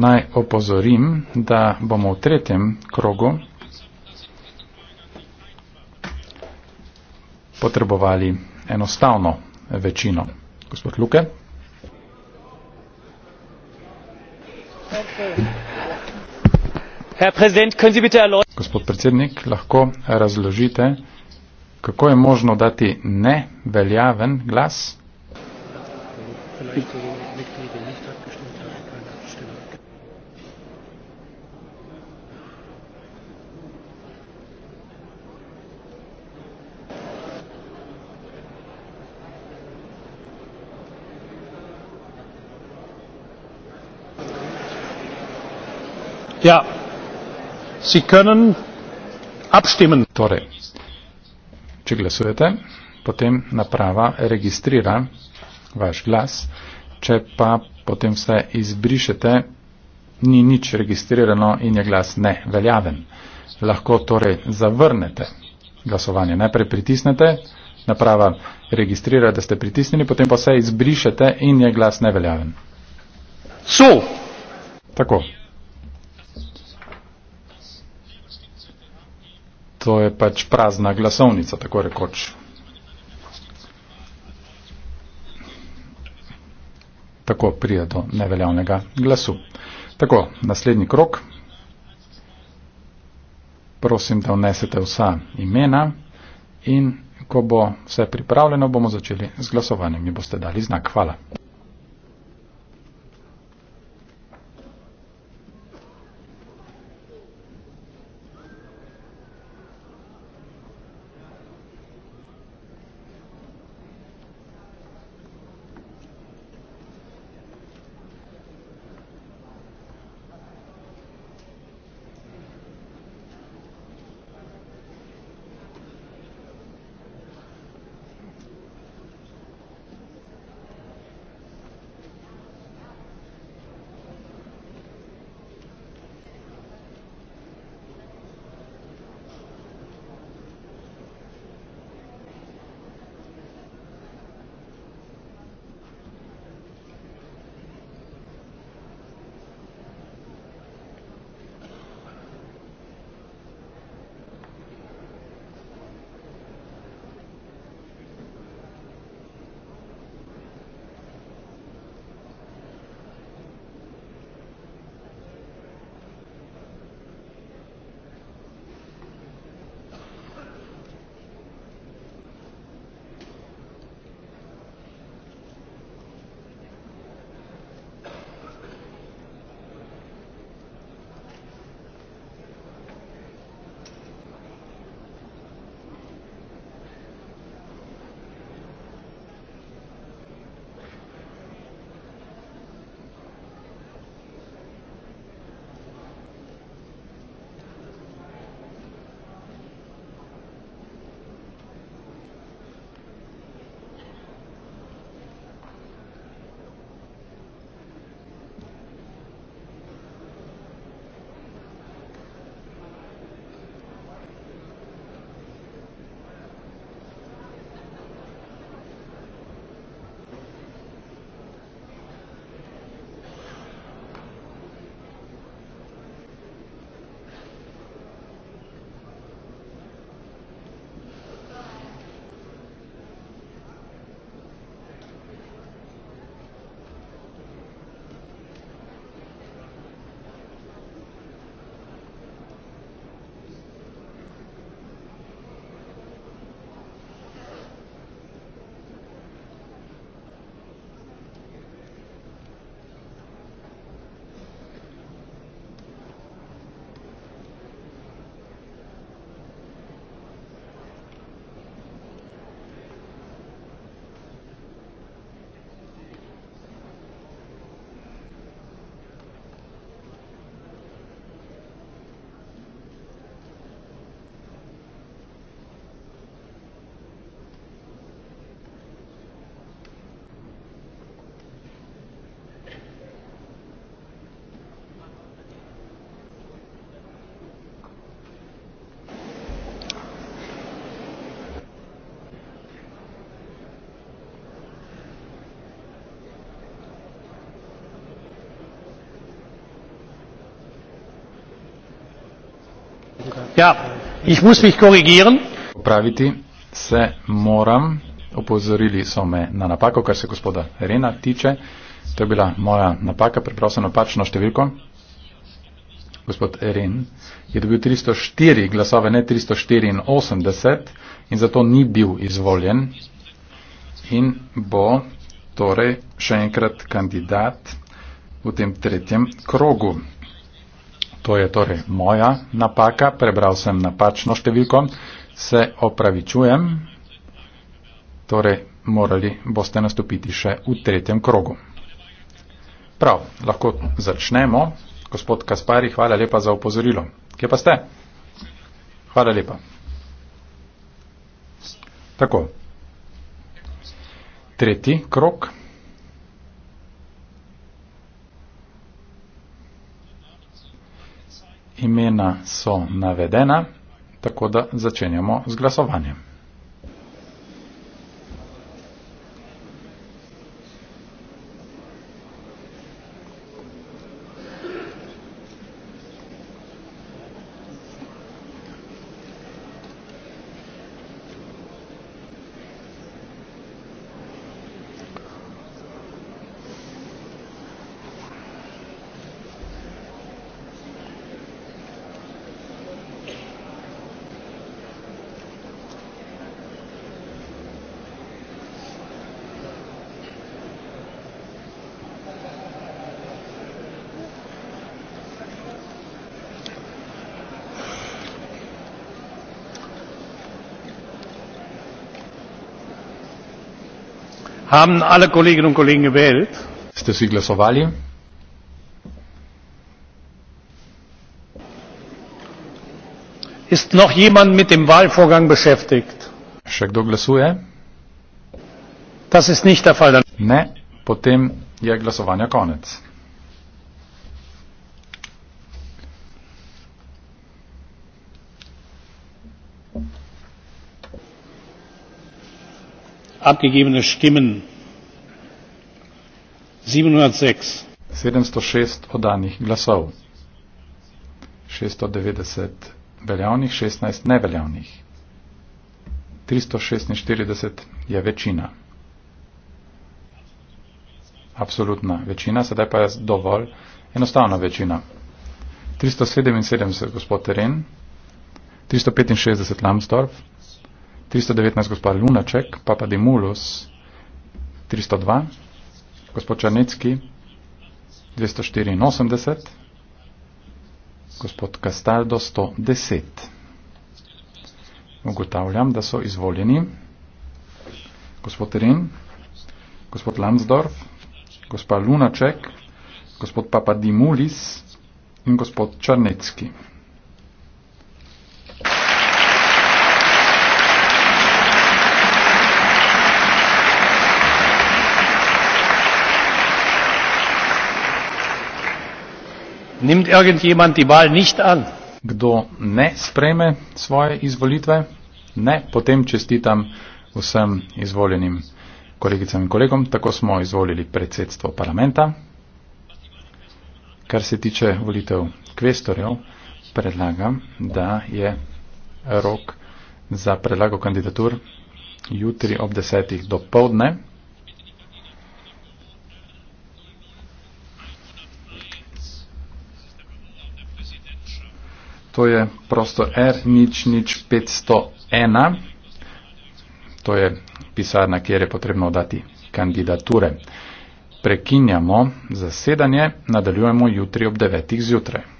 Naj opozorim, da bomo v tretjem krogu potrebovali enostavno večino. Gospod Luke. Gospod predsednik, lahko razložite, kako je možno dati neveljaven glas? Mitglieder nicht abgestimmt haben, keine Abstimmung. Ja, Sie können abstimmen. Torej, če glasujete, potem naprava registrira vaš glas. Če pa potem vse izbrišete, ni nič registrirano in je glas neveljaven. Lahko torej zavrnete glasovanje. Najprej pritisnete, naprava registrira, da ste pritisnili, potem pa vse izbrišete in je glas neveljaven. So. Tako. To je pač prazna glasovnica, tako rekoč. tako prije do neveljavnega glasu. Tako, naslednji krok. Prosim, da vnesete vsa imena in ko bo vse pripravljeno, bomo začeli z glasovanjem. Mi boste dali znak. Hvala. Ja, ich muss mich korrigieren. Opraviti se moram, opozorili so me na napako, kar se gospoda Rena tiče. To je bila moja napaka, preprosto napačno številko. Gospod Ren je dobil 304 glasove, ne 384 in zato ni bil izvoljen in bo torej še enkrat kandidat v tem tretjem krogu to je torej moja napaka, prebral sem napačno številko, se opravičujem, torej morali boste nastopiti še v tretjem krogu. Prav, lahko začnemo. Gospod Kaspari, hvala lepa za opozorilo. Kje pa ste? Hvala lepa. Tako. Tretji krok. imena so navedena, tako da začenjamo z glasovanjem. Haben alle Kolleginnen und Kollegen gewählt? Ste si glasovali? Ist noch jemand mit dem Wahlvorgang beschäftigt? Še kdo glasuje? Das ist nicht der Fall. Ne, potem je glasovanja konec. abgegebene Stimmen 706. 690 veljavnih, 16 neveljavnih. 346 je večina. Absolutna večina, sedaj pa je dovolj enostavna večina. 377 gospod Teren, 365 Lambsdorff, 319 gospod Lunaček, Papa Dimulus, 302, gospod Černecki, 284, gospod Kastaldo, 110. Ugotavljam, da so izvoljeni gospod Rin, gospod Lansdorf, gospod Lunaček, gospod Papa Dimulis in gospod Črnecki. Nimmt irgendjemand die Wahl nicht an? Kdo ne sprejme svoje izvolitve? Ne, potem čestitam vsem izvoljenim kolegicam in kolegom. Tako smo izvolili predsedstvo parlamenta. Kar se tiče volitev kvestorjev, predlagam, da je rok za predlago kandidatur jutri ob desetih do povdne. to je prosto R nič nič 501. To je pisarna, kjer je potrebno dati kandidature. Prekinjamo zasedanje, nadaljujemo jutri ob 9. zjutraj.